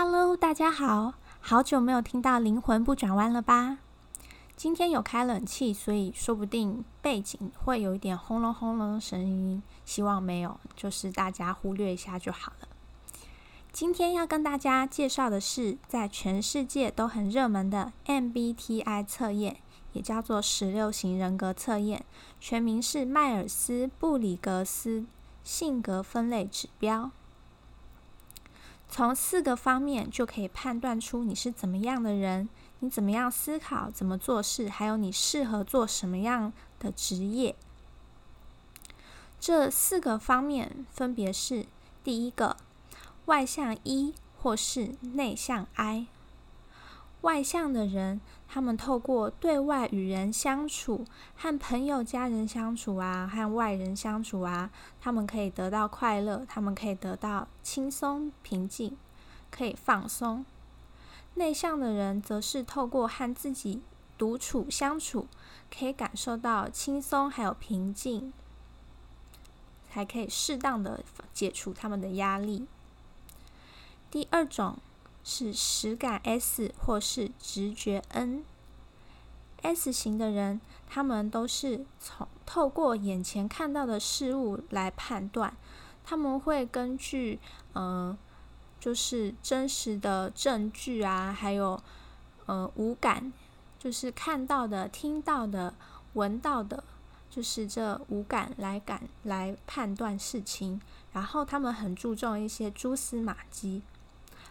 Hello，大家好，好久沒有聽到靈魂不轉彎了吧？今天有開冷氣，所以說不定背景會有一點轟隆轟隆的聲音，希望沒有，就是大家忽略一下就好了。今天要跟大家介紹的是，在全世界都很熱門的 MBTI 測驗，也叫做十六型人格測驗，全名是邁爾斯布里格斯性格分類指標。從四個方面就可以判斷出你是怎麼樣的人，你怎麼樣思考、怎麼做事，還有你適合做什麼樣的職業。這四個方面分別是：第一個，外向 E 或是內向 I。外向的人，他們透過對外與人相處，和朋友、家人相處啊，和外人相處啊，他們可以得到快樂，他們可以得到輕鬆、平靜，可以放鬆。內向的人則是透過和自己獨處相處，可以感受到輕鬆，還有平靜，才可以適當的解除他們的壓力。第二種。是實感 S，或是直覺 N。S 型的人，他們都是從透過眼前看到的事物來判斷，他們會根據嗯、呃，就是真實的證據啊，還有呃五感，就是看到的、聽到的、聞到的，就是這五感來感來判斷事情。然後他們很注重一些蛛絲馬跡。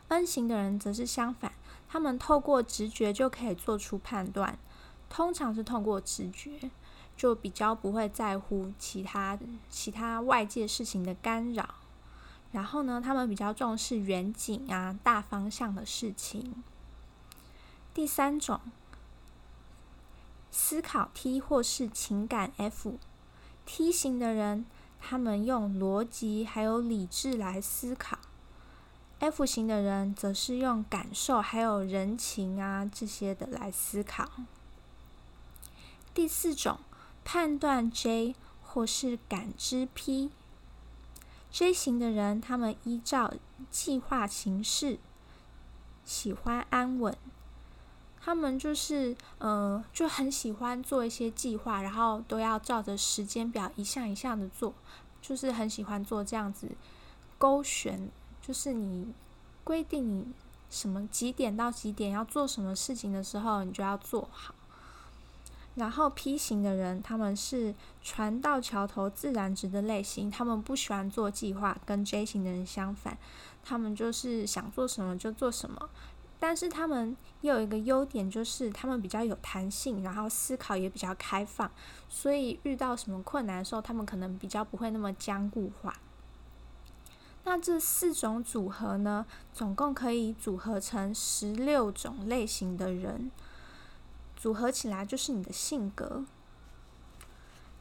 N 型的人則是相反，他們透過直覺就可以做出判斷，通常是透過直覺，就比較不會在乎其他其他外界事情的干擾。然後呢，他們比較重視遠景啊、大方向的事情。第三種，思考 T 或是情感 F，T 型的人，他們用邏輯還有理智來思考。F 型的人則是用感受還有人情啊這些的來思考。第四種判斷 J 或是感知 P，J 型的人他們依照計劃行事，喜歡安穩。他們就是嗯、呃，就很喜歡做一些計劃，然後都要照着時間表一項一項的做，就是很喜歡做這樣子勾選。就是你規定你什麼幾點到幾點要做什麼事情的時候，你就要做好。然後 P 型的人他們是船到橋頭自然直的類型，他們不喜歡做計劃，跟 J 型的人相反，他們就是想做什麼就做什麼。但是他們又有一個優點，就是他們比較有彈性，然後思考也比較開放，所以遇到什麼困難的時候，他們可能比較不會那麼僵固化。那這四種組合呢，總共可以組合成十六種類型的人，組合起來就是你的性格。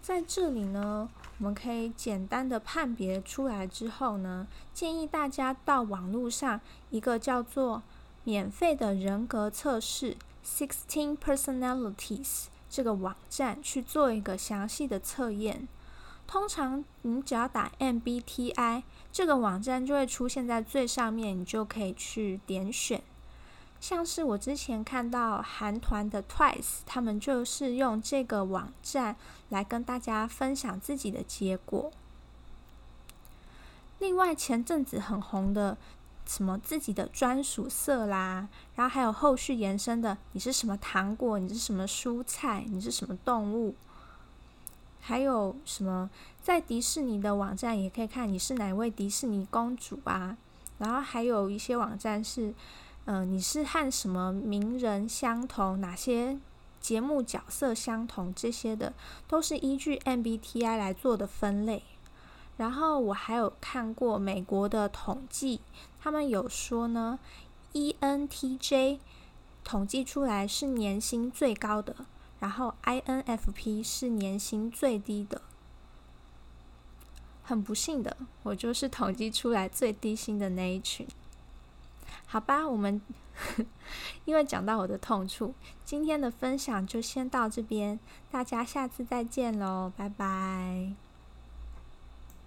在這裡呢，我們可以簡單的判別出來之後呢，建議大家到網絡上一個叫做“免費的人格測試 ”（Sixteen Personalities） 這個網站去做一個詳細的測驗。通常你只要打 MBTI，這個網站就會出現在最上面，你就可以去點選。像是我之前看到韓團的 Twice，他們就是用這個網站來跟大家分享自己的結果。另外前陣子很紅的，什麼自己的專屬色啦，然後還有後續延伸的，你是什麼糖果，你是什麼蔬菜，你是什麼動物。還有什麼，在迪士尼的網站也可以看你是哪位迪士尼公主啊？然後還有一些網站是，嗯、呃，你是和什麼名人相同，哪些節目角色相同，這些的都是依據 MBTI 來做的分類。然後我還有看過美國的統計，他們有說呢，ENTJ 統計出來是年薪最高的。然後 INFP 是年薪最低的，很不幸的，我就是統計出來最低薪的那一群。好吧，我們因為講到我的痛處，今天的分享就先到這邊，大家下次再見嘍，拜拜。